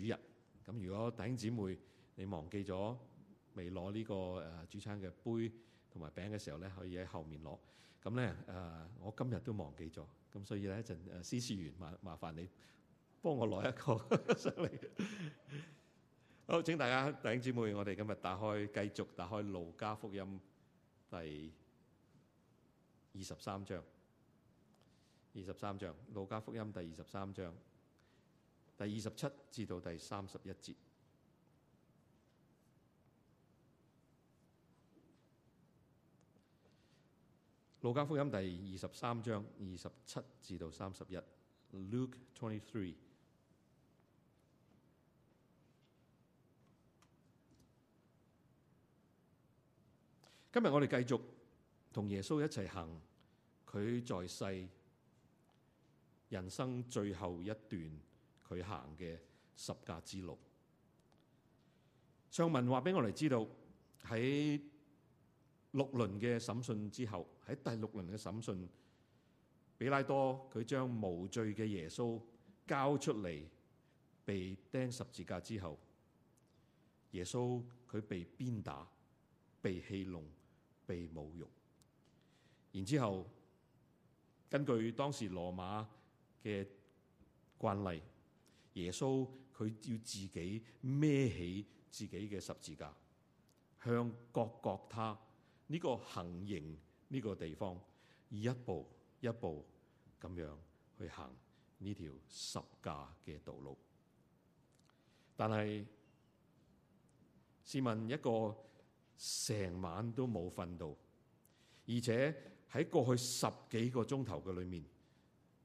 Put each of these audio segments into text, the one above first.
主日，咁如果弟兄姊妹你忘記咗未攞呢個誒主餐嘅杯同埋餅嘅時候咧，可以喺後面攞。咁咧誒，我今日都忘記咗，咁所以咧一陣誒，司事員，麻麻煩你幫我攞一個上嚟。好，請大家弟兄姊妹，我哋今日打開繼續打開《路加福音》第二十三章。二十三章，《路加福音》第二十三章。第二十七至到第三十一節，《路加福音》第二十三章二十七至到三十一。Luke twenty three。今日我哋繼續同耶穌一齊行，佢在世人生最後一段。佢行嘅十架之路，上文話俾我哋知道喺六輪嘅審訊之後，喺第六輪嘅審訊，比拉多佢將無罪嘅耶穌交出嚟，被釘十字架之後，耶穌佢被鞭打、被戲弄、被侮辱，然之後根據當時羅馬嘅慣例。耶穌佢要自己孭起自己嘅十字架，向各各他呢、呢個行刑呢個地方，一步一步咁樣去行呢條十架嘅道路。但係試問一個成晚都冇瞓到，而且喺過去十幾個鐘頭嘅裏面，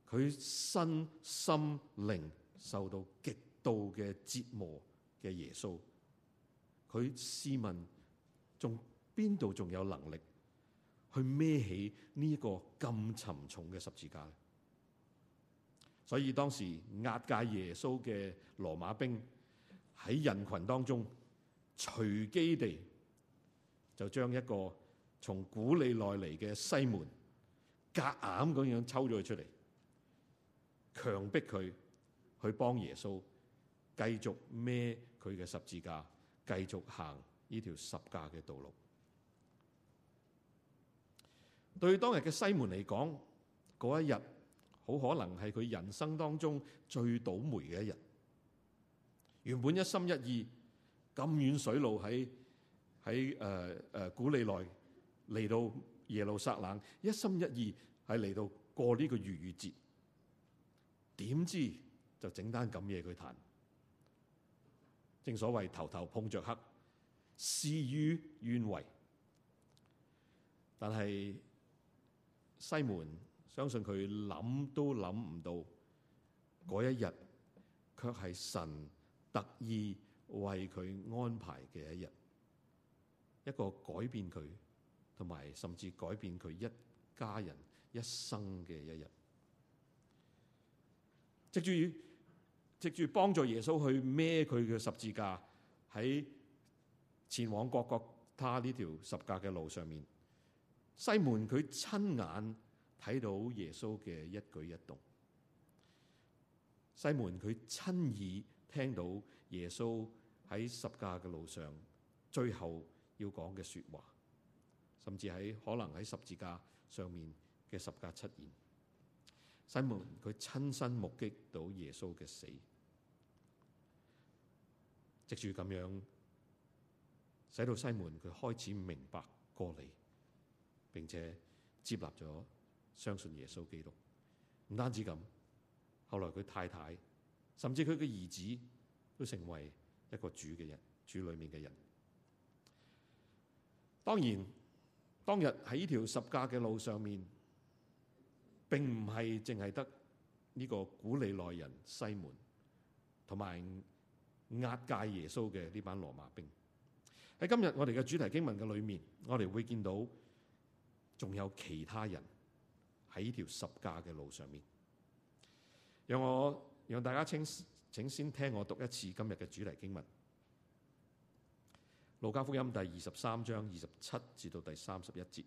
佢身心靈，受到極度嘅折磨嘅耶穌，佢試問：仲邊度仲有能力去孭起呢一個咁沉重嘅十字架咧？所以當時押解耶穌嘅羅馬兵喺人群當中隨機地就將一個從古利奈嚟嘅西門夾硬咁樣抽咗佢出嚟，強迫佢。去幫耶穌繼續孭佢嘅十字架，繼續行呢條十架嘅道路。對當日嘅西門嚟講，嗰一日好可能係佢人生當中最倒霉嘅一日。原本一心一意咁遠水路喺喺誒誒古利奈嚟到耶路撒冷，一心一意喺嚟到過呢個逾越節，點知？就整單咁嘢，佢彈，正所謂頭頭碰着黑，事與願違。但係西門相信佢諗都諗唔到，嗰一日卻係神特意為佢安排嘅一日，一個改變佢，同埋甚至改變佢一家人一生嘅一日。即注意。藉住幫助耶穌去孭佢嘅十字架，喺前往各各他呢條十架嘅路上面，西門佢親眼睇到耶穌嘅一舉一動；西門佢親耳聽到耶穌喺十架嘅路上最後要講嘅説話，甚至喺可能喺十字架上面嘅十架七言。西門佢親身目擊到耶穌嘅死，藉住咁樣，使到西門佢開始明白過嚟，並且接納咗相信耶穌基督。唔單止咁，後來佢太太，甚至佢嘅兒子都成為一個主嘅人，主裏面嘅人。當然，當日喺呢條十架嘅路上面。並唔係淨係得呢個古利奈人西門，同埋押解耶穌嘅呢班羅馬兵。喺今日我哋嘅主題經文嘅裏面，我哋會見到仲有其他人喺呢條十架嘅路上面。讓我讓大家請，請先聽我讀一次今日嘅主題經文《路加福音》第二十三章二十七至到第三十一節。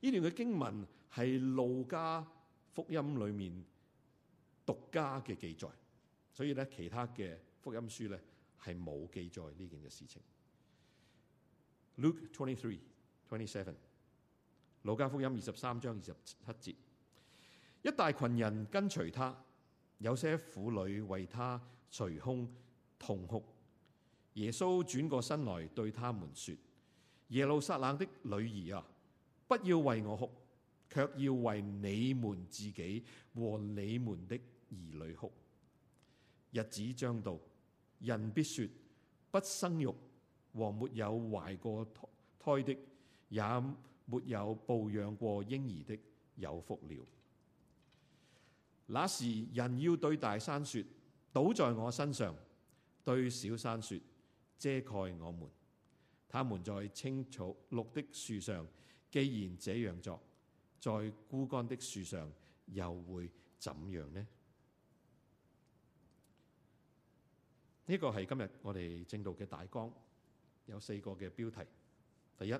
呢段嘅經文係路加福音裏面獨家嘅記載，所以咧其他嘅福音書咧係冇記載呢件嘅事情。Luke twenty three twenty seven，路加福音二十三章二十七節，一大群人跟隨他，有些婦女為他捶胸痛哭。耶穌轉過身來對他們說：耶路撒冷的女兒啊！不要為我哭，卻要為你們自己和你們的兒女哭。日子將到，人必說：不生育和沒有懷過胎的，也沒有抱養過嬰兒的，有福了。那時，人要對大山說：倒在我身上；對小山說：遮蓋我們。他們在青草綠的樹上。既然這樣做，在枯乾的樹上又會怎樣呢？呢、這個係今日我哋正道嘅大綱，有四個嘅標題。第一，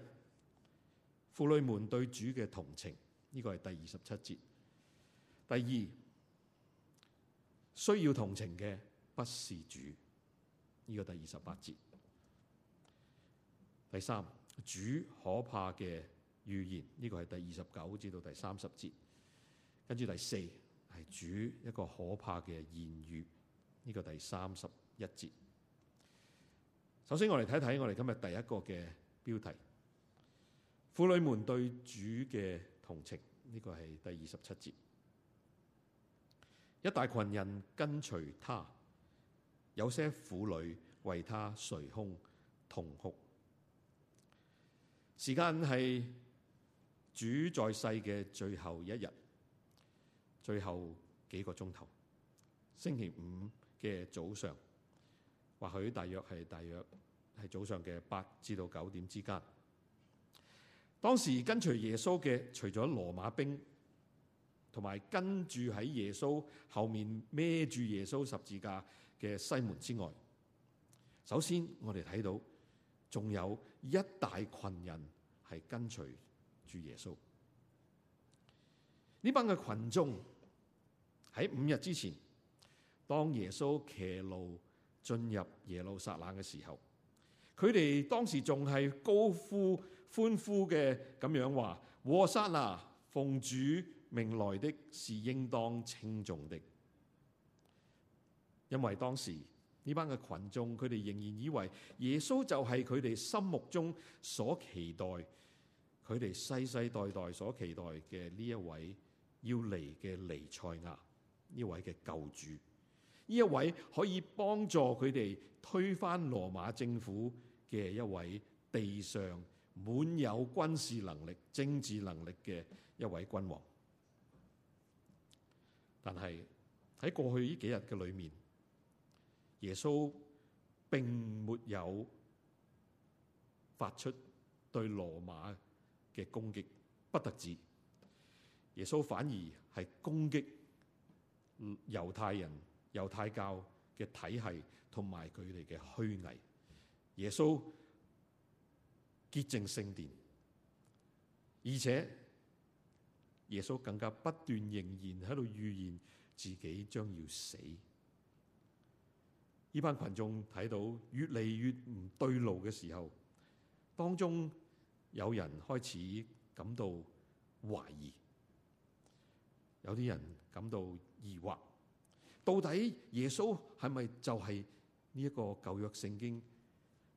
婦女們對主嘅同情，呢、這個係第二十七節。第二，需要同情嘅不是主，呢、這個是第二十八節。第三，主可怕嘅預言呢、這個係第二十九至到第三十節，跟住第四係主一個可怕嘅言語，呢、這個是第三十一節。首先我哋睇睇我哋今日第一個嘅標題：婦女們對主嘅同情，呢、這個係第二十七節。一大群人跟隨他，有些婦女為他捶胸痛哭。時間係。主在世嘅最後一日，最後幾個鐘頭，星期五嘅早上，或許大約係大約係早上嘅八至到九點之間。當時跟隨耶穌嘅，除咗羅馬兵同埋跟住喺耶穌後面孭住耶穌十字架嘅西門之外，首先我哋睇到仲有一大群人係跟隨。住耶穌呢班嘅群眾，喺五日之前，當耶穌騎驢進入耶路撒冷嘅時候，佢哋當時仲係高呼歡呼嘅咁樣話：和散那，奉主命來的是應當稱頌的。因為當時呢班嘅群眾，佢哋仍然以為耶穌就係佢哋心目中所期待佢哋世世代代所期待嘅呢一位要嚟嘅彌賽亞，呢位嘅救主，呢一位可以幫助佢哋推翻羅馬政府嘅一位地上滿有軍事能力、政治能力嘅一位君王。但係喺過去呢幾日嘅裏面，耶穌並沒有發出對羅馬。嘅攻擊不得止，耶穌反而係攻擊猶太人、猶太教嘅體系同埋佢哋嘅虛偽。耶穌潔淨聖殿，而且耶穌更加不斷仍然喺度預言自己將要死。呢班群眾睇到越嚟越唔對路嘅時候，當中。有人開始感到懷疑，有啲人感到疑惑，到底耶穌係咪就係呢一個舊約聖經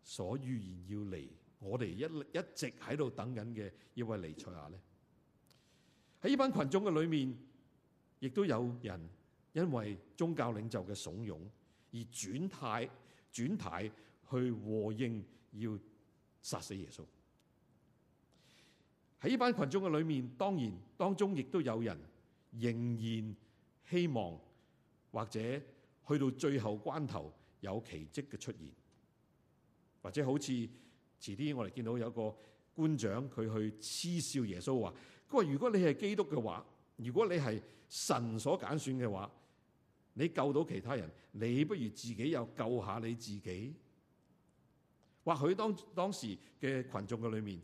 所預言要嚟，我哋一一直喺度等緊嘅，一位彌賽亞咧？喺呢班群眾嘅裏面，亦都有人因為宗教領袖嘅慫恿而轉態，轉態去和應要殺死耶穌。喺呢班群眾嘅裏面，當然當中亦都有人仍然希望，或者去到最後關頭有奇迹嘅出現，或者好似遲啲我哋見到有一個官長佢去嗤笑耶穌話：佢話如果你係基督嘅話，如果你係神所揀選嘅話，你救到其他人，你不如自己又救下你自己。或許當當時嘅群眾嘅裏面。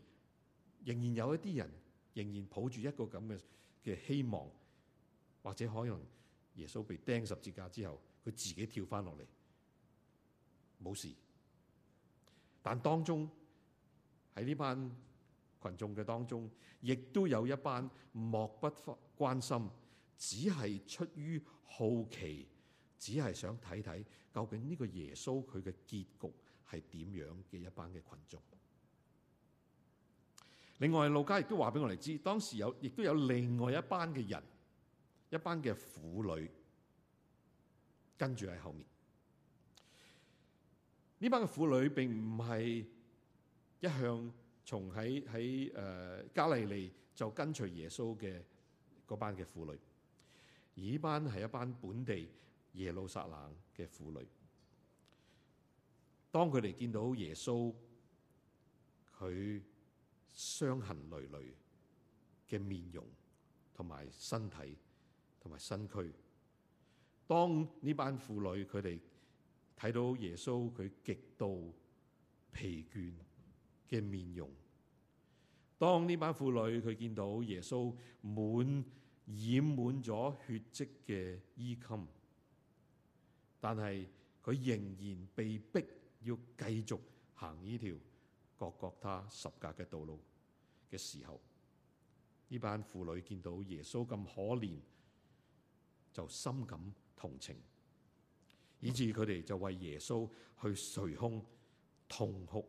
仍然有一啲人仍然抱住一個咁嘅嘅希望，或者可能耶穌被釘十字架之後，佢自己跳翻落嚟，冇事。但當中喺呢班群眾嘅當中，亦都有一班漠不關心，只係出於好奇，只係想睇睇究竟呢個耶穌佢嘅結局係點樣嘅一班嘅群眾。另外，路加亦都話俾我哋知，當時有亦都有另外一班嘅人，一班嘅婦女跟住喺後面。呢班嘅婦女並唔係一向從喺喺誒加利利就跟隨耶穌嘅嗰班嘅婦女，而呢班係一班本地耶路撒冷嘅婦女。當佢哋見到耶穌，佢，傷痕累累嘅面容，同埋身體，同埋身軀。當呢班婦女佢哋睇到耶穌佢極度疲倦嘅面容，當呢班婦女佢見到耶穌滿染滿咗血跡嘅衣襟，但係佢仍然被逼要繼續行呢條。各各他十架嘅道路嘅時候，呢班婦女見到耶穌咁可憐，就深感同情，以致佢哋就為耶穌去捶胸痛哭。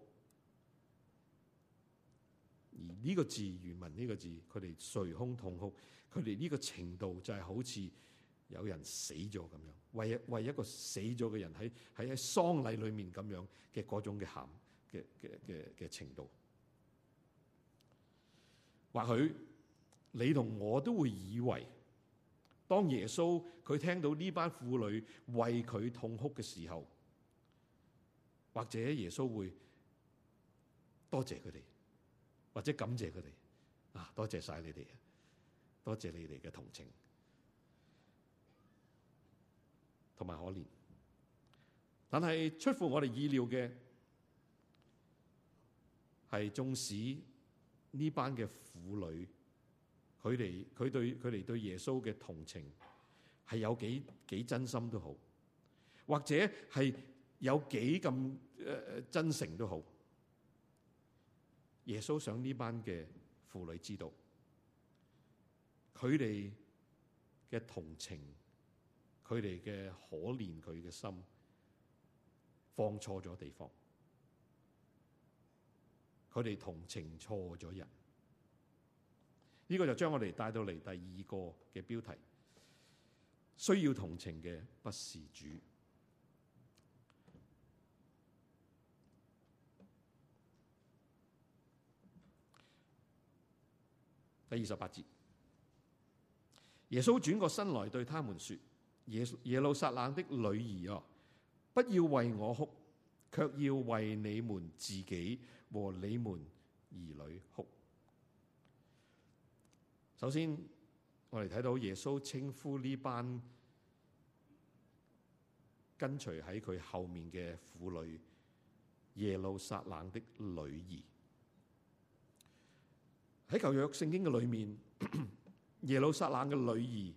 而呢個字原文呢個字，佢哋捶胸痛哭，佢哋呢個程度就係好似有人死咗咁樣，為一為一個死咗嘅人喺喺喺喪禮裏面咁樣嘅嗰種嘅喊。嘅嘅嘅嘅程度，或許你同我都會以為，當耶穌佢聽到呢班婦女為佢痛哭嘅時候，或者耶穌會多謝佢哋，或者感謝佢哋啊，多謝晒你哋，多謝你哋嘅同情同埋可憐，但係出乎我哋意料嘅。係縱使呢班嘅婦女，佢哋佢對佢哋對耶穌嘅同情係有幾幾真心都好，或者係有幾咁誒、呃、真誠都好，耶穌想呢班嘅婦女知道，佢哋嘅同情，佢哋嘅可憐佢嘅心放錯咗地方。佢哋同情錯咗人，呢個就將我哋帶到嚟第二個嘅標題，需要同情嘅不是主。第二十八節，耶穌轉過身來對他們説：耶耶路撒冷的女兒啊，不要為我哭，卻要為你們自己。和你們兒女哭。首先，我哋睇到耶穌稱呼呢班跟隨喺佢後面嘅婦女，耶路撒冷的女兒，喺舊約聖經嘅裏面，耶路撒冷嘅女兒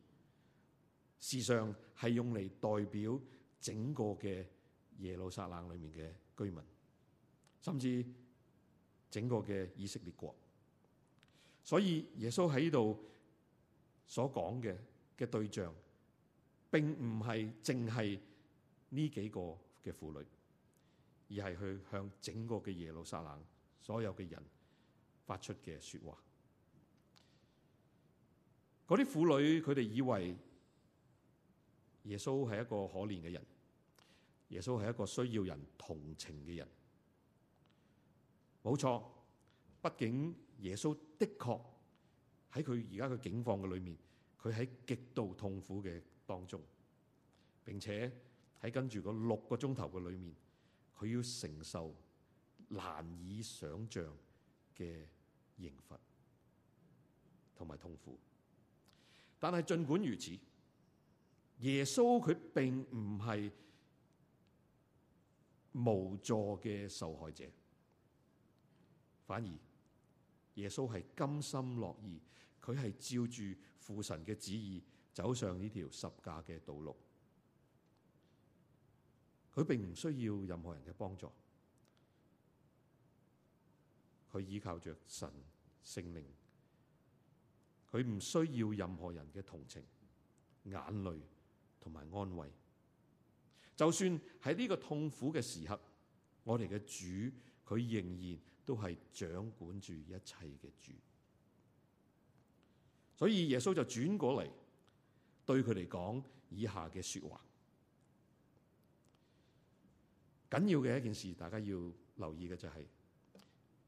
事實上係用嚟代表整個嘅耶路撒冷裏面嘅居民，甚至整個嘅以色列國，所以耶穌喺度所講嘅嘅對象，並唔係淨係呢幾個嘅婦女，而係去向整個嘅耶路撒冷所有嘅人發出嘅說話。嗰啲婦女，佢哋以為耶穌係一個可憐嘅人，耶穌係一個需要人同情嘅人。冇錯，畢竟耶穌的確喺佢而家嘅境況嘅裏面，佢喺極度痛苦嘅當中，並且喺跟住嗰六個鐘頭嘅裏面，佢要承受難以想象嘅刑罰同埋痛苦。但係盡管如此，耶穌佢並唔係無助嘅受害者。反而，耶穌係甘心樂意，佢係照住父神嘅旨意走上呢條十架嘅道路。佢並唔需要任何人嘅幫助，佢依靠着神聖靈，佢唔需要任何人嘅同情、眼淚同埋安慰。就算喺呢個痛苦嘅時刻，我哋嘅主，佢仍然都係掌管住一切嘅主，所以耶穌就轉過嚟對佢嚟講以下嘅說話。緊要嘅一件事，大家要留意嘅就係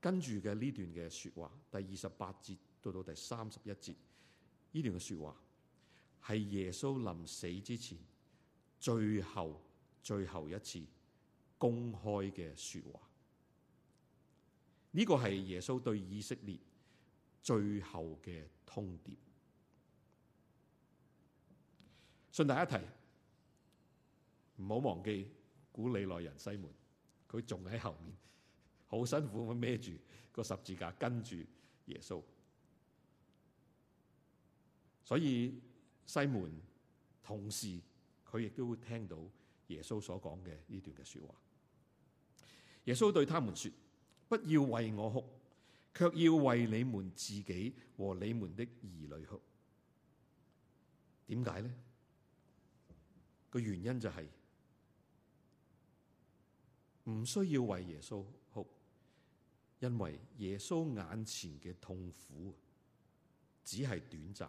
跟住嘅呢段嘅說話，第二十八節到到第三十一節，呢段嘅說話，係耶穌臨死之前最後最後一次公開嘅說話。呢、這個係耶穌對以色列最後嘅通牒。順帶一提，唔好忘記古利奈人西門，佢仲喺後面，好辛苦咁孭住個十字架跟住耶穌。所以西門同時佢亦都會聽到耶穌所講嘅呢段嘅說話。耶穌對他們說。不要為我哭，卻要為你們自己和你們的兒女哭。點解呢？個原因就係、是、唔需要為耶穌哭，因為耶穌眼前嘅痛苦只係短暫。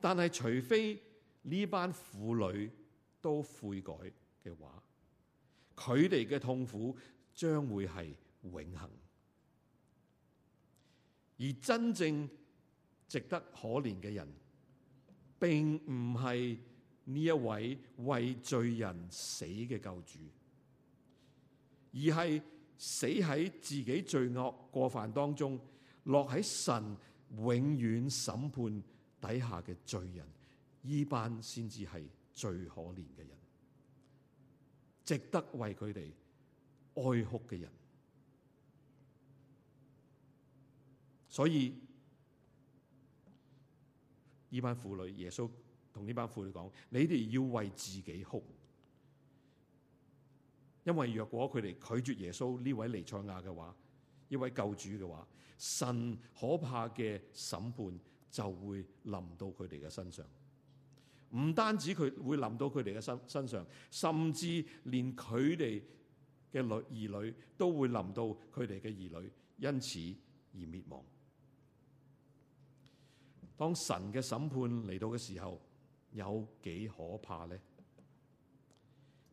但係，除非呢班婦女都悔改嘅話，佢哋嘅痛苦。將會係永恒，而真正值得可憐嘅人，並唔係呢一位為罪人死嘅救主，而係死喺自己罪惡過犯當中，落喺神永遠審判底下嘅罪人，呢班先至係最可憐嘅人，值得為佢哋。哀哭嘅人，所以呢班婦女，耶穌同呢班婦女講：你哋要為自己哭，因為若果佢哋拒絕耶穌呢位彌賽亞嘅話，呢位救主嘅話，神可怕嘅審判就會臨到佢哋嘅身上。唔單止佢會臨到佢哋嘅身身上，甚至連佢哋。嘅女兒女都會臨到佢哋嘅兒女，因此而滅亡。當神嘅審判嚟到嘅時候，有幾可怕呢？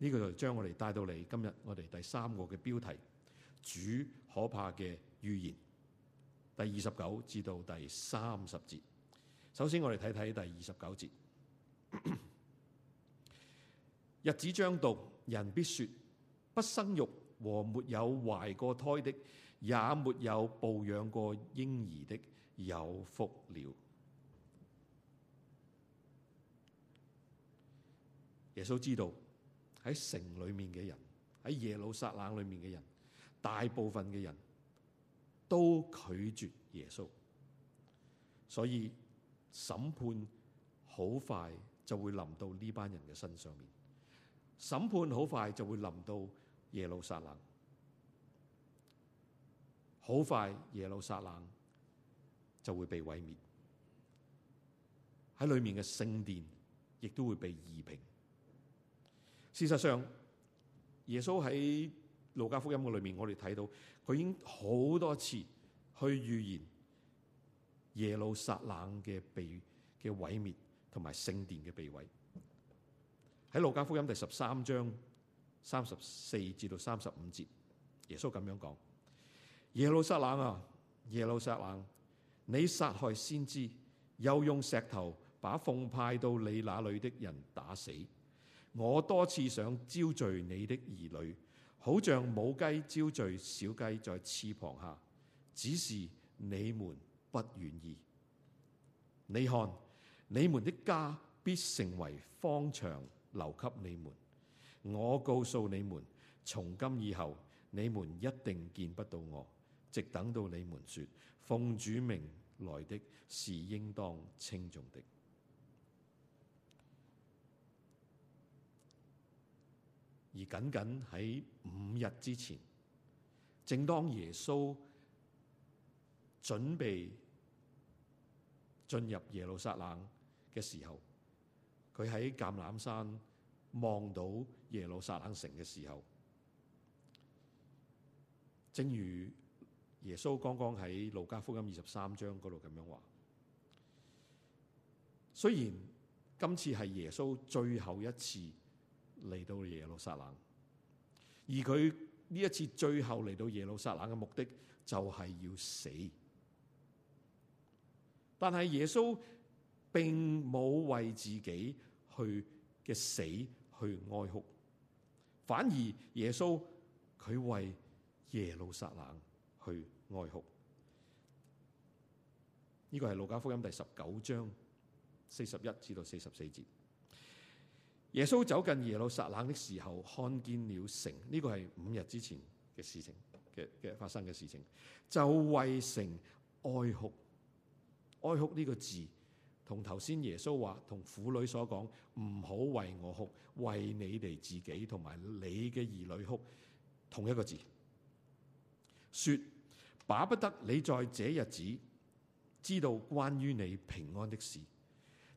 呢、呢個就將我哋帶到嚟今日我哋第三個嘅標題，主可怕嘅預言。第二十九至到第三十節，首先我哋睇睇第二十九節，日子將到，人必說。不生育和沒有懷過胎的，也沒有抱養過嬰兒的，有福了。耶穌知道喺城裏面嘅人，喺耶路撒冷裏面嘅人，大部分嘅人都拒絕耶穌，所以審判好快就會臨到呢班人嘅身上面，審判好快就會臨到。耶路撒冷，好快耶路撒冷就會被毀滅，喺裏面嘅聖殿亦都會被夷平。事實上，耶穌喺路加福音嘅裏面，我哋睇到佢已經好多次去預言耶路撒冷嘅被嘅毀滅，同埋聖殿嘅被毀。喺路加福音第十三章。三十四至到三十五節，耶穌咁樣講：耶路撒冷啊，耶路撒冷，你殺害先知，又用石頭把奉派到你那裡的人打死。我多次想招聚你的兒女，好像母雞招聚小雞在翅膀下，只是你們不願意。你看，你們的家必成為荒場，留給你們。我告訴你們，從今以後，你們一定見不到我，直等到你們說，奉主名來的是應當稱頌的。而僅僅喺五日之前，正當耶穌準備進入耶路撒冷嘅時候，佢喺橄欖山。望到耶路撒冷城嘅時候，正如耶穌剛剛喺路加福音二十三章嗰度咁樣話，雖然今次係耶穌最後一次嚟到耶路撒冷，而佢呢一次最後嚟到耶路撒冷嘅目的就係要死，但係耶穌並冇為自己去嘅死。去哀哭，反而耶穌佢為耶路撒冷去哀哭。呢個係路加福音第十九章四十一至到四十四節。耶穌走近耶路撒冷嘅時候，看見了城。呢個係五日之前嘅事情，嘅嘅發生嘅事情，就為城哀哭。哀哭呢個字。同頭先耶穌話，同婦女所講，唔好為我哭，為你哋自己同埋你嘅兒女哭，同一個字。說，巴不得你在這日子知道關於你平安的事，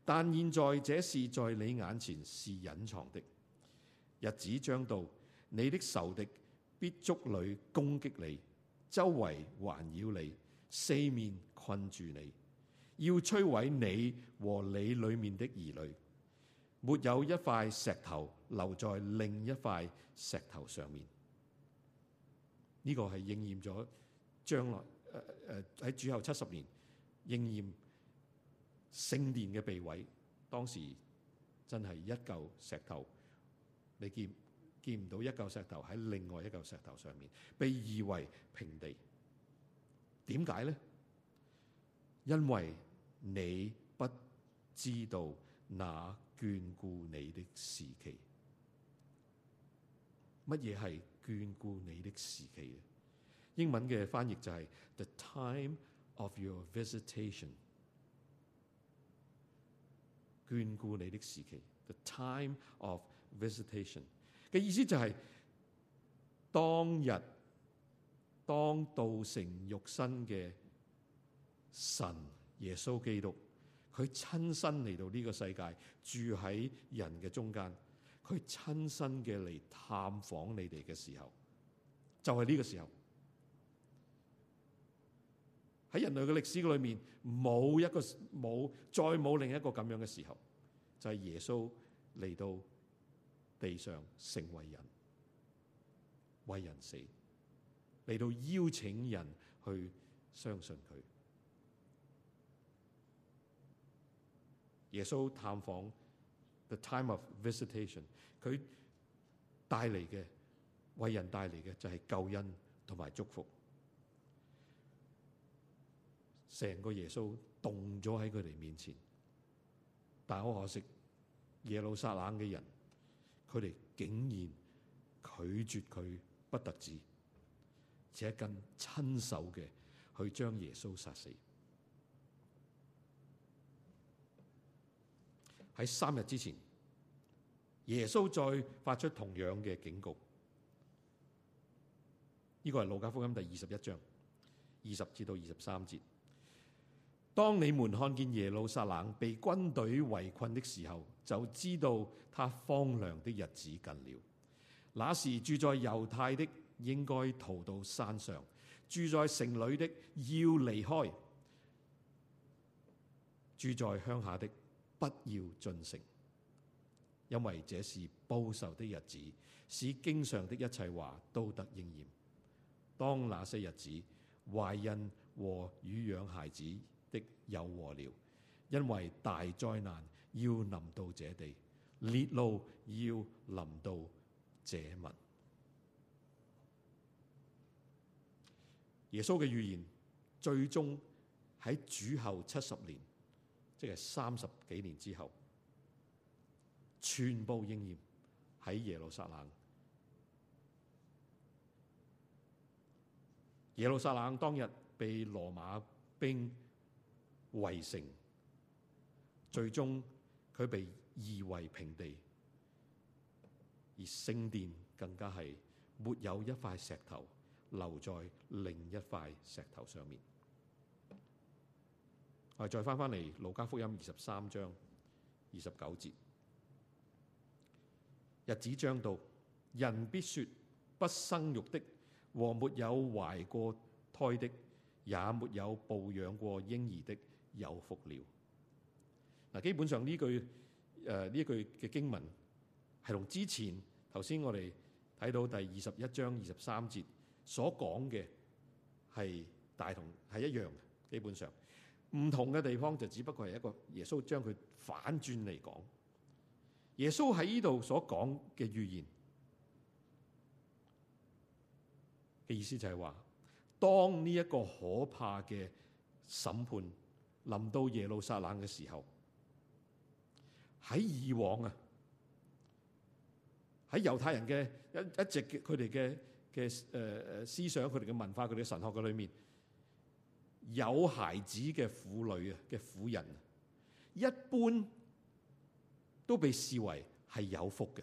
但現在這事在你眼前是隱藏的。日子將到，你的仇敵必逐你攻擊你，周圍環繞你，四面困住你。要摧毀你和你裏面的兒女，沒有一塊石頭留在另一塊石頭上面。呢個係應驗咗將來誒誒喺主後七十年應驗聖殿嘅被毀。當時真係一嚿石頭，你見見唔到一嚿石頭喺另外一嚿石頭上面，被夷為平地。點解咧？因為你不知道那眷顧你的時期，乜嘢係眷顧你的時期？英文嘅翻譯就係 the time of your visitation，眷顧你的時期。the time of visitation 嘅意思就係、是、當日當道成肉身嘅。神耶穌基督，佢親身嚟到呢個世界住喺人嘅中間，佢親身嘅嚟探訪你哋嘅時候，就係呢個時候。喺人類嘅歷史裏面，冇一個冇再冇另一個咁樣嘅時候，就係耶穌嚟到地上成為人，為人死，嚟到邀請人去相信佢。耶穌探訪，the time of visitation，佢帶嚟嘅為人帶嚟嘅就係救恩同埋祝福。成個耶穌動咗喺佢哋面前，但係好可惜，耶路撒冷嘅人，佢哋竟然拒絕佢，不但止，且更親手嘅去將耶穌殺死。喺三日之前，耶穌再發出同樣嘅警告。呢個係《路加福音》第二十一章二十至到二十三節。當你們看見耶路撒冷被軍隊圍困的時候，就知道他荒涼的日子近了。那時住在猶太的應該逃到山上，住在城裏的要離開，住在鄉下的。不要進城，因為這是報仇的日子，使經上的一切話都得應驗。當那些日子，懷孕和乳養孩子的有禍了，因為大災難要臨到這地，烈怒要臨到這民。耶穌嘅預言，最終喺主後七十年。即係三十幾年之後，全部應驗喺耶路撒冷。耶路撒冷當日被羅馬兵圍城，最終佢被夷為平地，而聖殿更加係沒有一塊石頭留在另一塊石頭上面。我哋再翻翻嚟《路加福音》二十三章二十九節日子將到，人必說，不生育的和沒有懷過胎的，也沒有抱養過嬰兒的，有福了。嗱，基本上呢句誒、呢、呃、句嘅經文係同之前頭先我哋睇到第二十一章二十三節所講嘅係大同係一樣嘅，基本上。唔同嘅地方就只不過係一個耶穌將佢反轉嚟講，耶穌喺呢度所講嘅預言嘅意思就係話，當呢一個可怕嘅審判臨到耶路撒冷嘅時候，喺以往啊，喺猶太人嘅一一直佢哋嘅嘅誒誒思想，佢哋嘅文化，佢哋嘅神學嘅裏面。有孩子嘅婦女啊，嘅婦人一般都被視為係有福嘅。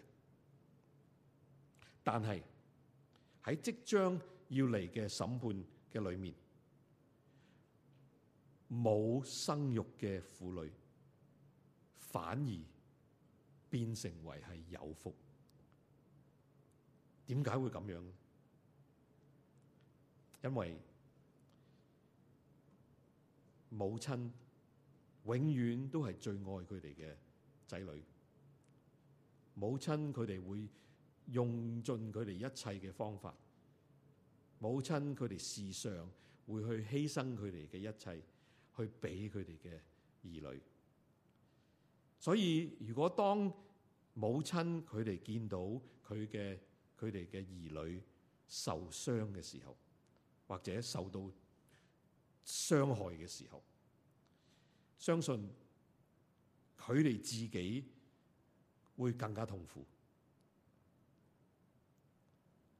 但係喺即將要嚟嘅審判嘅裏面，冇生育嘅婦女反而變成為係有福。點解會咁樣？因為。母親永遠都係最愛佢哋嘅仔女。母親佢哋會用盡佢哋一切嘅方法，母親佢哋事上會去犧牲佢哋嘅一切，去俾佢哋嘅兒女。所以，如果當母親佢哋見到佢嘅佢哋嘅兒女受傷嘅時候，或者受到傷害嘅時候，相信佢哋自己會更加痛苦。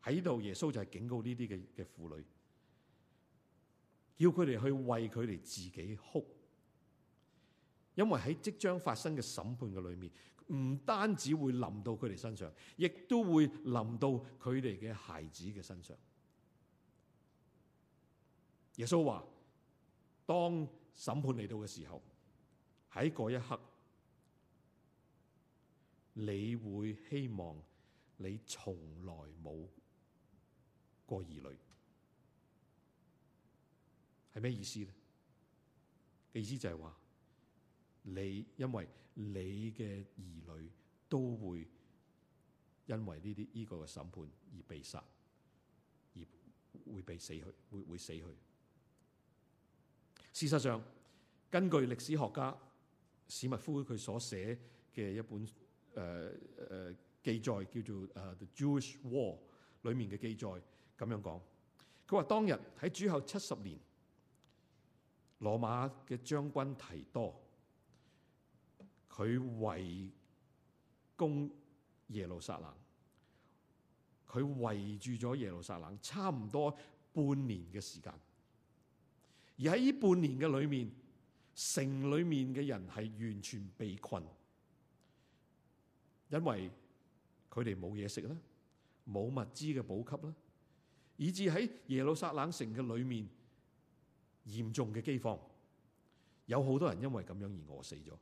喺度，耶穌就係警告呢啲嘅嘅婦女，叫佢哋去為佢哋自己哭，因為喺即將發生嘅審判嘅裏面，唔單止會臨到佢哋身上，亦都會臨到佢哋嘅孩子嘅身上。耶穌話。當審判嚟到嘅時候，喺嗰一刻，你會希望你從來冇過兒女，係咩意思咧？意思就係話你，因為你嘅兒女都會因為呢啲呢個嘅審判而被殺，而會被死去，會會死去。事實上，根據歷史學家史密夫佢所寫嘅一本誒誒、呃呃、記載，叫做《誒、呃、The Jewish War》裡面嘅記載，咁樣講，佢話當日喺主後七十年，羅馬嘅將軍提多，佢圍攻耶路撒冷，佢圍住咗耶路撒冷差唔多半年嘅時間。而喺呢半年嘅裏面，城裏面嘅人係完全被困，因為佢哋冇嘢食啦，冇物資嘅補給啦，以至喺耶路撒冷城嘅裏面嚴重嘅饑荒，有好多人因為咁樣而餓死咗。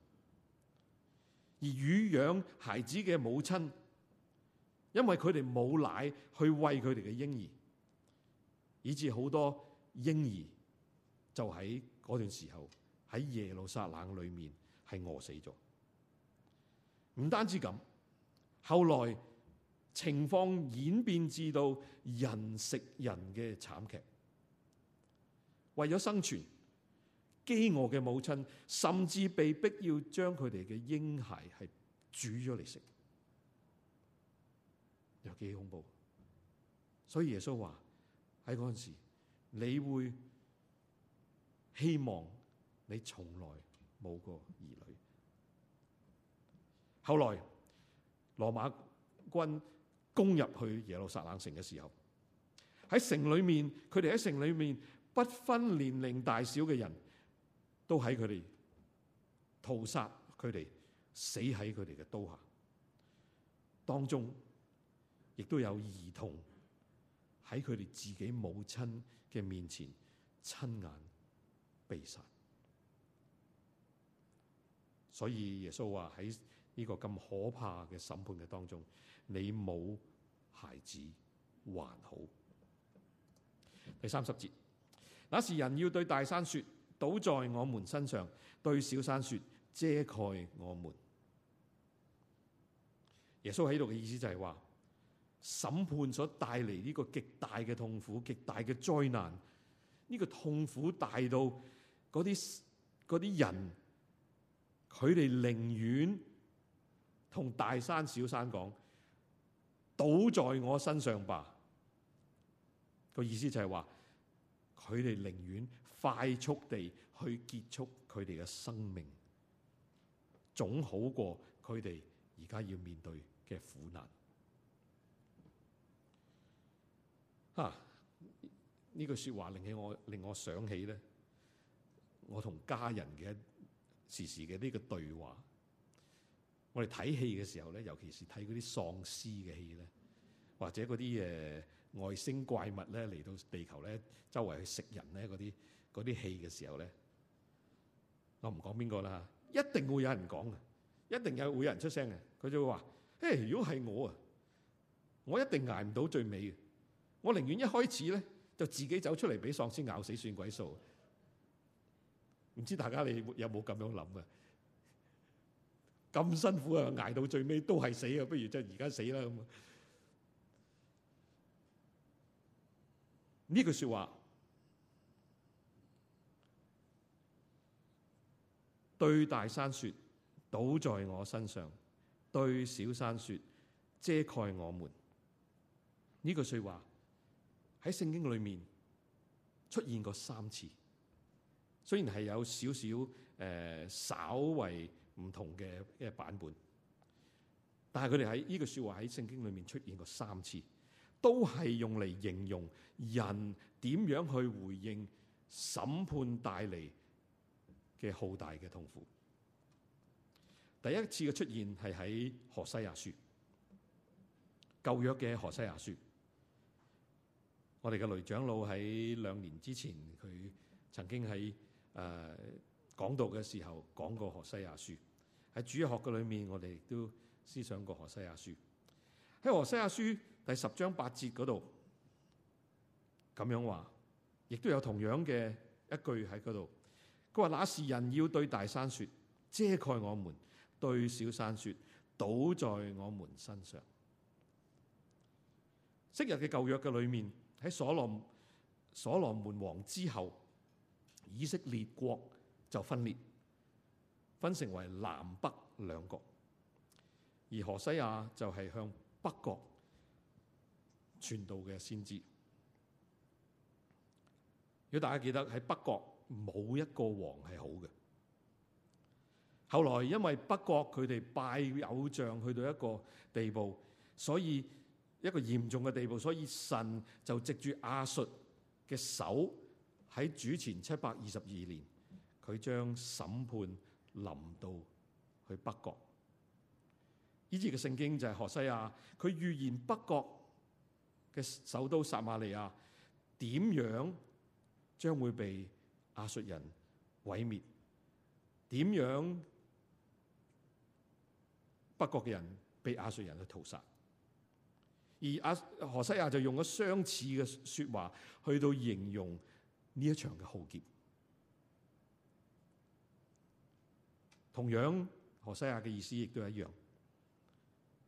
而乳養孩子嘅母親，因為佢哋冇奶去餵佢哋嘅嬰兒，以至好多嬰兒。就喺嗰段時候喺耶路撒冷裏面係餓死咗，唔單止咁，後來情況演變至到人食人嘅慘劇，為咗生存，飢餓嘅母親甚至被逼要將佢哋嘅嬰孩係煮咗嚟食，有幾恐怖。所以耶穌話喺嗰陣時你會。希望你從來冇過兒女。後來羅馬軍攻入去耶路撒冷城嘅時候，喺城裏面，佢哋喺城裏面不分年齡大小嘅人，都喺佢哋屠殺，佢哋死喺佢哋嘅刀下，當中亦都有兒童喺佢哋自己母親嘅面前親眼。被殺，所以耶穌話喺呢個咁可怕嘅審判嘅當中，你冇孩子還好。第三十節，那時人要對大山說，倒在我們身上，對小山說，遮蓋我們。耶穌喺度嘅意思就係話，審判所帶嚟呢個極大嘅痛苦，極大嘅災難，呢、這個痛苦大到。嗰啲嗰啲人，佢哋寧願同大山小山講，倒在我身上吧。個意思就係話，佢哋寧願快速地去結束佢哋嘅生命，總好過佢哋而家要面對嘅苦難。啊！呢句說話令起我，令我想起咧。我同家人嘅時時嘅呢個對話，我哋睇戲嘅時候咧，尤其是睇嗰啲喪屍嘅戲咧，或者嗰啲誒外星怪物咧嚟到地球咧，周圍去食人咧嗰啲啲戲嘅時候咧，我唔講邊個啦，一定會有人講嘅，一定有會有人出聲嘅，佢就會話，嘿，如果係我啊，我一定捱唔到最尾嘅，我寧願一開始咧就自己走出嚟俾喪屍咬死算鬼數。唔知大家你有冇咁樣諗啊？咁辛苦啊，捱到最尾都係死啊！不如即係而家死啦咁。呢 句說話，對大山說：倒在我身上；對小山說：遮蓋我們。呢句說話喺聖經裏面出現過三次。雖然係有少少誒、呃，稍微唔同嘅嘅、呃、版本，但係佢哋喺呢句説話喺聖經裏面出現過三次，都係用嚟形容人點樣去回應審判帶嚟嘅浩大嘅痛苦。第一次嘅出現係喺何西亞書，舊約嘅何西亞書，我哋嘅雷長老喺兩年之前佢曾經喺。誒、呃，講道嘅時候講過何西阿書，喺主學嘅裏面，我哋亦都思想過何西阿書。喺何西阿書第十章八節嗰度，咁樣話，亦都有同樣嘅一句喺嗰度。佢話，那時人要對大山說遮蓋我們，對小山說倒在我們身上。昔日嘅舊約嘅裏面，喺所羅所羅門王之後。以色列國就分裂，分成為南北兩國，而何西阿就係向北國傳道嘅先知。如果大家記得喺北國冇一個王係好嘅，後來因為北國佢哋拜偶像去到一個地步，所以一個嚴重嘅地步，所以神就藉住亞述嘅手。喺主前七百二十二年，佢將審判臨到去北國。呢節嘅聖經就係何西亞，佢預言北國嘅首都撒馬利亞點樣將會被亞述人毀滅，點樣北國嘅人被亞述人去屠殺，而阿何西亞就用咗相似嘅説話去到形容。呢一場嘅浩劫，同樣何西亞嘅意思亦都一樣，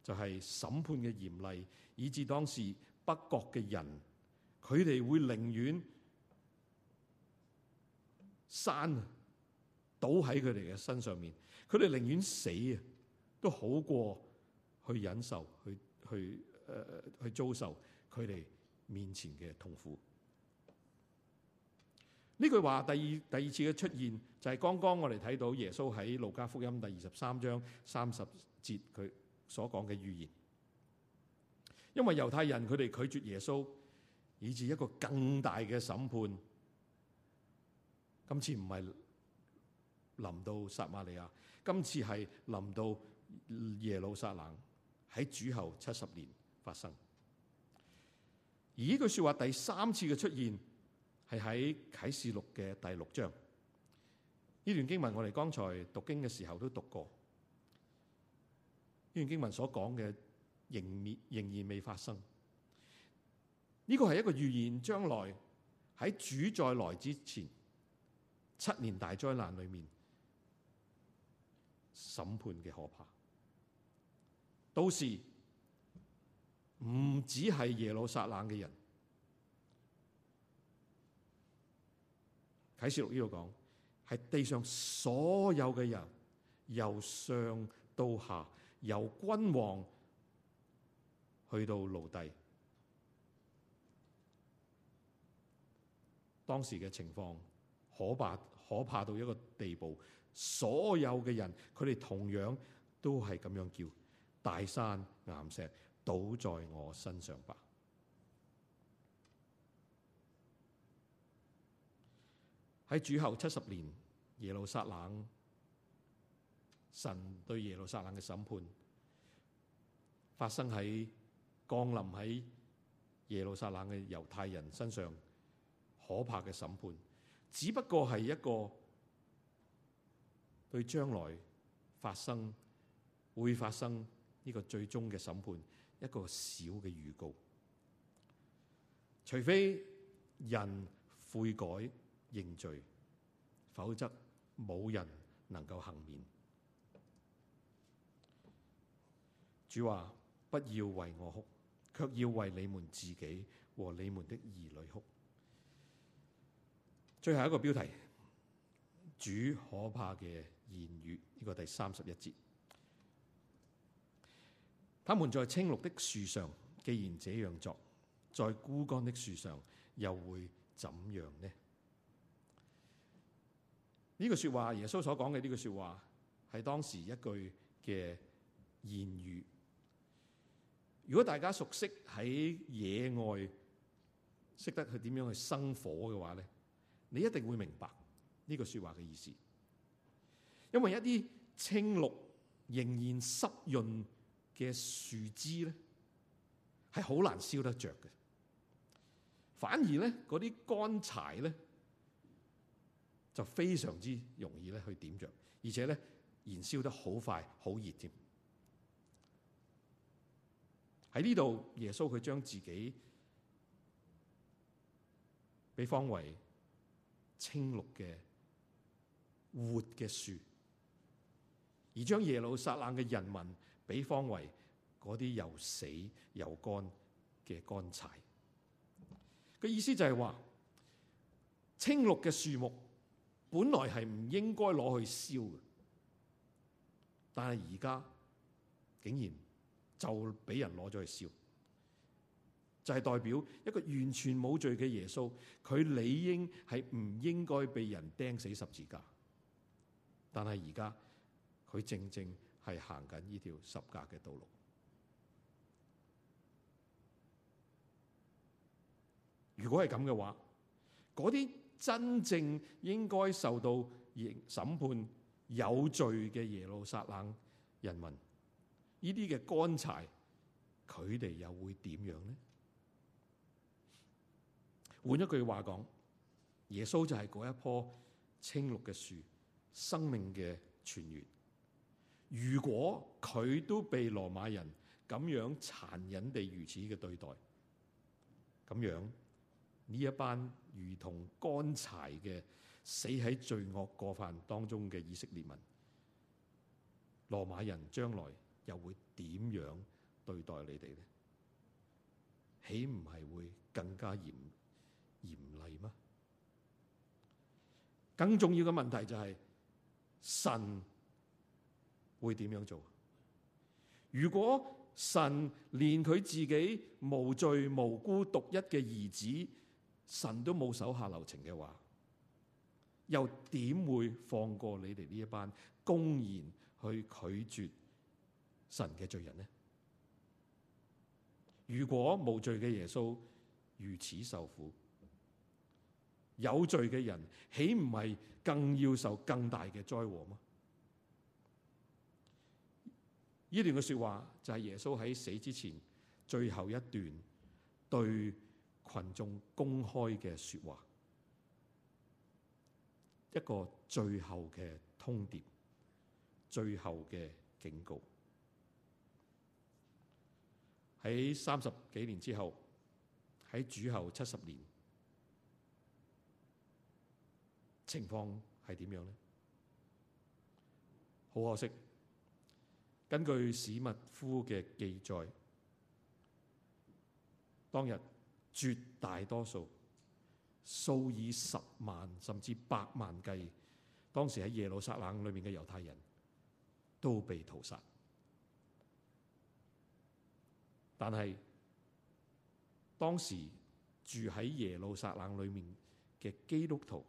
就係、是、審判嘅嚴厲，以至當時北國嘅人，佢哋會寧願山啊倒喺佢哋嘅身上面，佢哋寧願死啊，都好過去忍受，去去誒、呃、去遭受佢哋面前嘅痛苦。呢句話第二第二次嘅出現就係剛剛我哋睇到耶穌喺路加福音第二十三章三十節佢所講嘅預言，因為猶太人佢哋拒絕耶穌，以至一個更大嘅審判。今次唔係臨到撒瑪利亞，今次係臨到耶路撒冷，喺主後七十年發生。而呢句說話第三次嘅出現。係喺啟示錄嘅第六章，呢段經文我哋剛才讀經嘅時候都讀過。呢段經文所講嘅，仍仍然未發生。呢個係一個預言，將來喺主再來之前，七年大災難裏面審判嘅可怕。到時唔止係耶路撒冷嘅人。喺啟示錄呢度講，係地上所有嘅人，由上到下，由君王去到奴隸，當時嘅情況可怕可怕到一個地步，所有嘅人，佢哋同樣都係咁樣叫：大山岩石倒在我身上吧。喺主後七十年，耶路撒冷，神對耶路撒冷嘅審判，發生喺降臨喺耶路撒冷嘅猶太人身上，可怕嘅審判，只不過係一個對將來發生、會發生呢個最終嘅審判一個小嘅預告，除非人悔改。認罪，否則冇人能夠幸免。主話：不要為我哭，卻要為你們自己和你們的兒女哭。最後一個標題：主可怕嘅言語。呢、這個第三十一節，他們在青綠的樹上既然這樣作，在枯乾的樹上又會怎樣呢？呢句説話，耶穌所講嘅呢句説話，係當時一句嘅言語。如果大家熟悉喺野外識得去點樣去生火嘅話咧，你一定會明白呢句説話嘅意思。因為一啲青綠仍然濕潤嘅樹枝咧，係好難燒得着嘅。反而咧，嗰啲乾柴咧，就非常之容易咧，去點着，而且咧燃燒得好快，好熱添。喺呢度，耶穌佢將自己比方為青綠嘅活嘅樹，而將耶路撒冷嘅人民比方為嗰啲又死又乾嘅乾柴。佢嘅意思就係話，青綠嘅樹木。本來係唔應該攞去燒嘅，但係而家竟然就俾人攞咗去燒，就係代表一個完全冇罪嘅耶穌，佢理應係唔應該被人釘死十字架，但係而家佢正正係行緊呢條十架嘅道路。如果係咁嘅話，嗰啲，真正應該受到刑審判有罪嘅耶路撒冷人民，呢啲嘅乾柴，佢哋又會點樣呢？換一句話講，耶穌就係嗰一棵青綠嘅樹，生命嘅泉源。如果佢都被羅馬人咁樣殘忍地如此嘅對待，咁樣呢一班，如同乾柴嘅死喺罪惡過犯當中嘅以色列民，羅馬人將來又會點樣對待你哋呢？豈唔係會更加嚴嚴厲嗎？更重要嘅問題就係、是、神會點樣做？如果神連佢自己無罪無辜獨一嘅兒子？神都冇手下留情嘅話，又點會放過你哋呢一班公然去拒絕神嘅罪人呢？如果冇罪嘅耶穌如此受苦，有罪嘅人豈唔係更要受更大嘅災禍嗎？呢段嘅說話就係耶穌喺死之前最後一段對群眾公開嘅説話，一個最後嘅通牒，最後嘅警告。喺三十幾年之後，喺主後七十年，情況係點樣呢？好可惜，根據史密夫嘅記載，當日，絕大多數，數以十萬甚至百萬計，當時喺耶路撒冷裏面嘅猶太人都被屠殺。但係當時住喺耶路撒冷裏面嘅基督徒，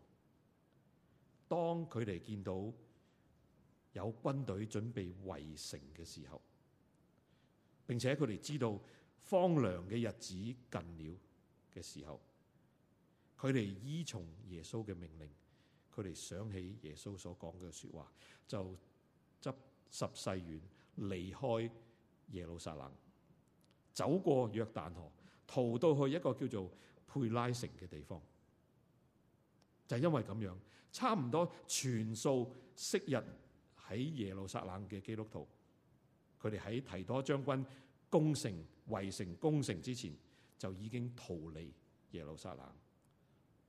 當佢哋見到有軍隊準備圍城嘅時候，並且佢哋知道荒涼嘅日子近了。嘅時候，佢哋依從耶穌嘅命令，佢哋想起耶穌所講嘅説話，就執拾細軟，離開耶路撒冷，走過約旦河，逃到去一個叫做佩拉城嘅地方。就係因為咁樣，差唔多全數昔日喺耶路撒冷嘅基督徒，佢哋喺提多將軍攻城圍城攻城之前，就已經逃離耶路撒冷，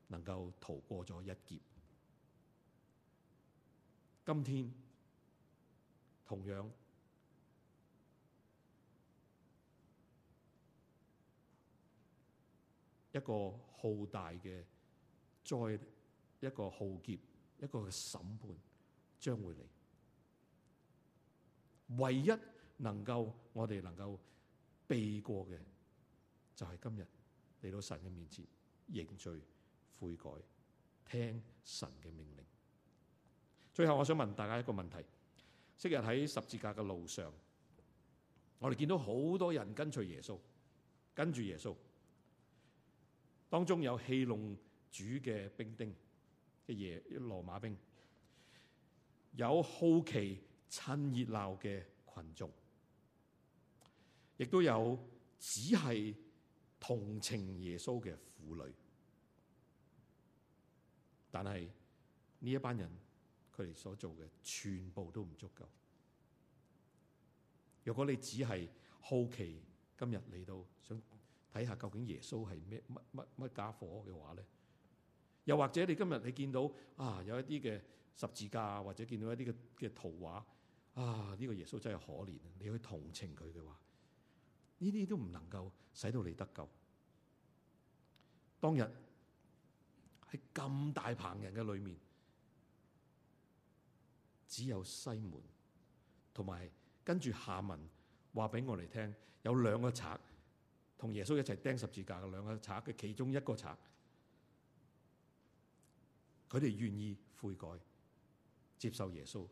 能夠逃過咗一劫。今天同樣一個浩大嘅災，一個浩劫，一個審判將會嚟。唯一能夠我哋能夠避過嘅。就係、是、今日嚟到神嘅面前，認罪悔改，聽神嘅命令。最後我想問大家一個問題：昔日喺十字架嘅路上，我哋見到好多人跟隨耶穌，跟住耶穌，當中有戲弄主嘅兵丁嘅耶羅馬兵，有好奇趁熱鬧嘅群眾，亦都有只係。同情耶穌嘅婦女，但係呢一班人佢哋所做嘅全部都唔足夠。如果你只係好奇今日嚟到想睇下究竟耶穌係咩乜乜乜傢伙嘅話咧，又或者你今日你見到啊有一啲嘅十字架，或者見到一啲嘅嘅圖畫啊呢、這個耶穌真係可憐啊，你可以同情佢嘅話。呢啲都唔能夠使到你得救。當日喺咁大棚人嘅裏面，只有西門同埋跟住下文話俾我哋聽，有兩個賊同耶穌一齊釘十字架嘅兩個賊嘅其中一個賊，佢哋願意悔改，接受耶穌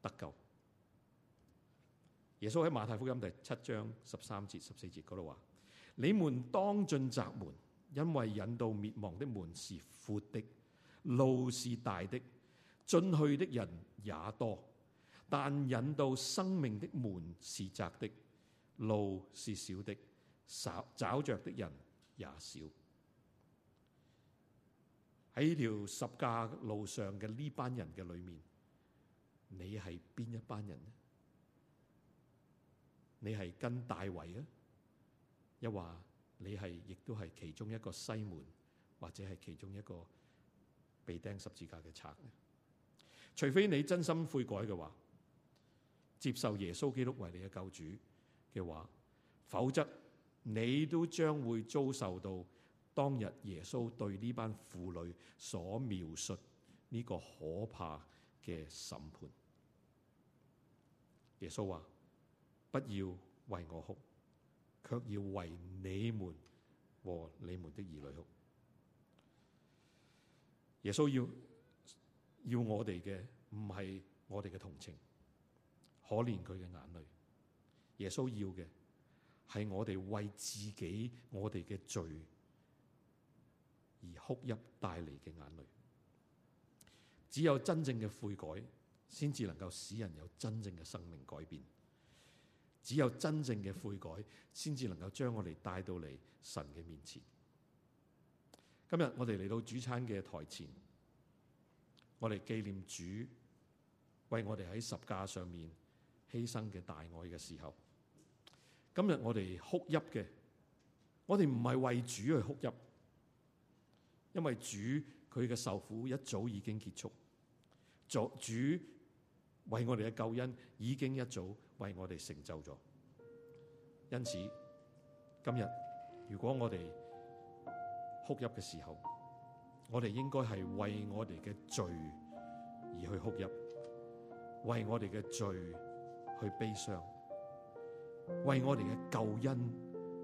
得救。耶穌喺馬太福音第七章十三節、十四節嗰度話：你們當進窄門，因為引導滅亡的門是闊的，路是大的，進去的人也多；但引導生命的門是窄的，路是小的，找着的人也少。喺呢條十架路上嘅呢班人嘅裏面，你係邊一班人呢？你係跟大圍啊，又話你係，亦都係其中一個西門，或者係其中一個被釘十字架嘅賊。除非你真心悔改嘅話，接受耶穌基督為你嘅救主嘅話，否則你都將會遭受到當日耶穌對呢班婦女所描述呢個可怕嘅審判。耶穌話。不要為我哭，卻要為你們和你們的兒女哭。耶穌要要我哋嘅唔係我哋嘅同情，可憐佢嘅眼淚。耶穌要嘅係我哋為自己，我哋嘅罪而哭泣帶嚟嘅眼淚。只有真正嘅悔改，先至能夠使人有真正嘅生命改變。只有真正嘅悔改，先至能夠將我哋帶到嚟神嘅面前。今日我哋嚟到主餐嘅台前，我哋紀念主為我哋喺十架上面犧牲嘅大愛嘅時候。今日我哋哭泣嘅，我哋唔係為主去哭泣，因為主佢嘅受苦一早已經結束，作主為我哋嘅救恩已經一早。為我哋成就咗，因此今日如果我哋哭泣嘅時候，我哋應該係為我哋嘅罪而去哭泣，為我哋嘅罪去悲傷，為我哋嘅救恩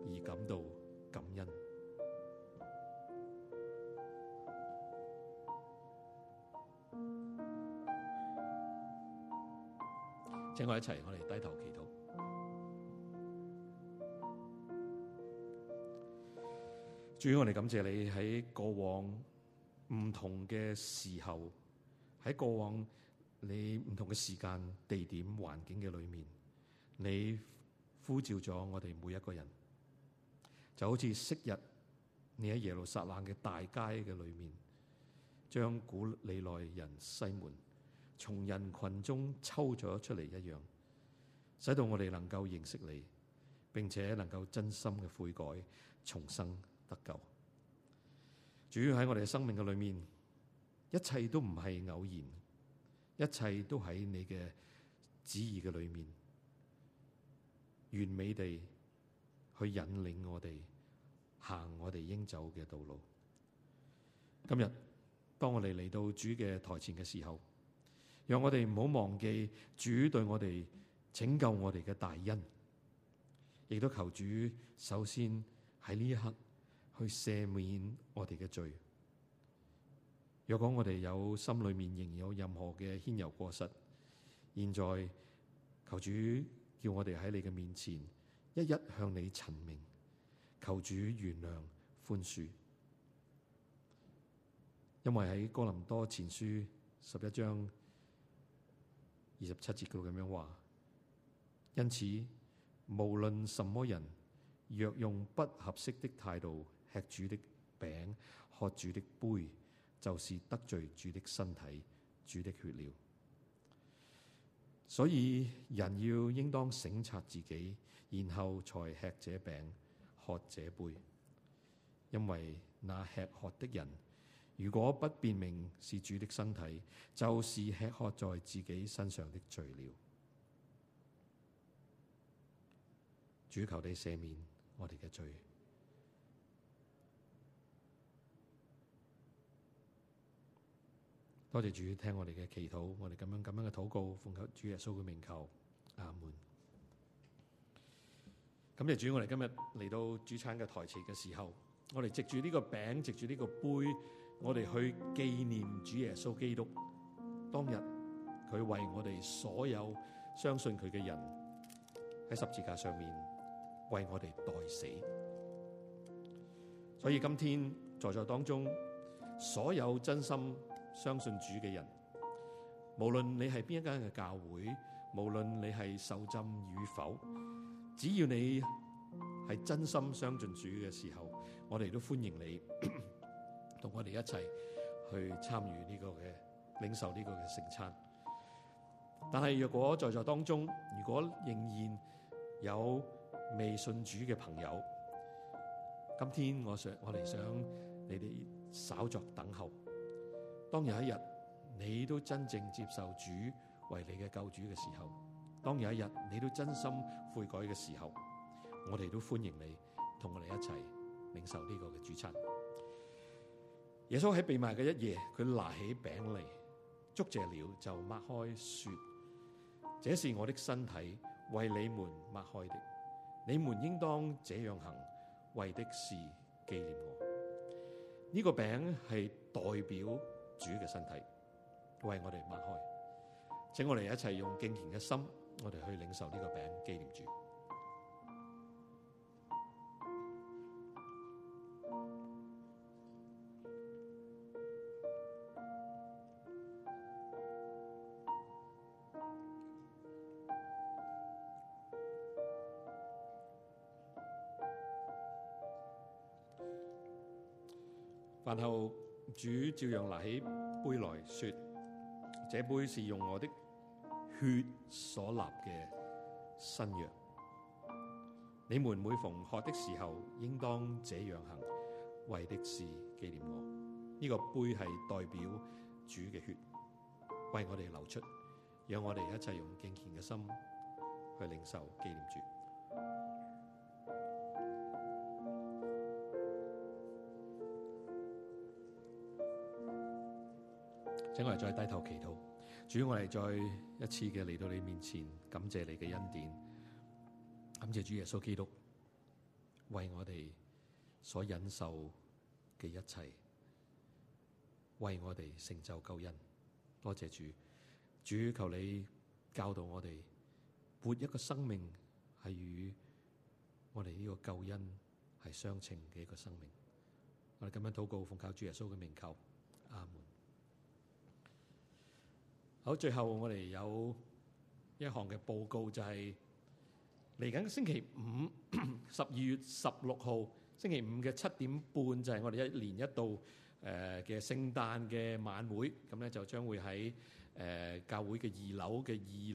而感到感恩。請一起我一齊，我哋低頭祈禱。主要我哋感謝你喺過往唔同嘅時候，喺過往你唔同嘅時間、地點、環境嘅裏面，你呼召咗我哋每一個人，就好似昔日你喺耶路撒冷嘅大街嘅裏面，將古利奈人西門從人群中抽咗出嚟一樣，使到我哋能夠認識你，並且能夠真心嘅悔改、重生得救。主要，喺我哋嘅生命嘅裏面，一切都唔係偶然，一切都喺你嘅旨意嘅裏面，完美地去引領我哋行我哋應走嘅道路。今日當我哋嚟到主嘅台前嘅時候，讓我哋唔好忘記主對我哋，拯救我哋嘅大恩，亦都求主首先喺呢一刻去赦免我哋嘅罪。若果我哋有心裏面仍然有任何嘅牽油過失，現在求主叫我哋喺你嘅面前一一向你陳明，求主原諒寬恕。因為喺哥林多前書十一章。二十七節佢咁樣話：因此無論什麼人，若用不合適的態度吃主的餅、喝主的杯，就是得罪主的身體、主的血了。所以人要應當省察自己，然後才吃這餅、喝這杯，因為那吃喝的人，如果不辨明是主的身體，就是吃喝在自己身上的罪了。主求你赦免我哋嘅罪。多謝主聽我哋嘅祈禱，我哋咁樣咁樣嘅禱告，奉求主耶穌嘅名求。阿門。咁就主，我哋今日嚟到主餐嘅台前嘅時候，我哋藉住呢個餅，藉住呢個杯。我哋去紀念主耶穌基督當日，佢為我哋所有相信佢嘅人喺十字架上面為我哋代死。所以今天在座當中，所有真心相信主嘅人，無論你係邊一間嘅教會，無論你係受浸與否，只要你係真心相信主嘅時候，我哋都歡迎你。 同我哋一齊去參與呢個嘅領受呢個嘅聖餐。但係若果在座當中，如果仍然有未信主嘅朋友，今天我想我哋想你哋稍作等候。當有一日你都真正接受主為你嘅救主嘅時候，當有一日你都真心悔改嘅時候，我哋都歡迎你同我哋一齊領受呢個嘅主餐。耶穌喺被賣嘅一夜，佢拿起餅嚟，祝謝了就擘開說：這是我的身體，為你們擘開的。你們應當這樣行，為的是紀念我。呢、這個餅係代表主嘅身體，為我哋擘開，請我哋一齊用敬虔嘅心，我哋去領受呢個餅，紀念主。飯後主照樣拿起杯來說：這杯是用我的血所立嘅新約。你們每逢喝的時候，應當這樣行，為的是紀念我。呢、這個杯係代表主嘅血，為我哋流出，讓我哋一齊用敬虔嘅心去領受，紀念主。請我哋再低頭祈禱，主，我哋再一次嘅嚟到你面前，感謝你嘅恩典，感謝主耶穌基督為我哋所忍受嘅一切，為我哋成就救恩，多謝主。主，求你教導我哋活一個生命係與我哋呢個救恩係相稱嘅一個生命。我哋咁樣禱告，奉靠主耶穌嘅名求，阿門。好，最後我哋有一項嘅報告，就係嚟緊星期五，十二月十六號星期五嘅七點半，就係我哋一年一度誒嘅聖誕嘅晚會，咁咧就將會喺誒教會嘅二樓嘅二。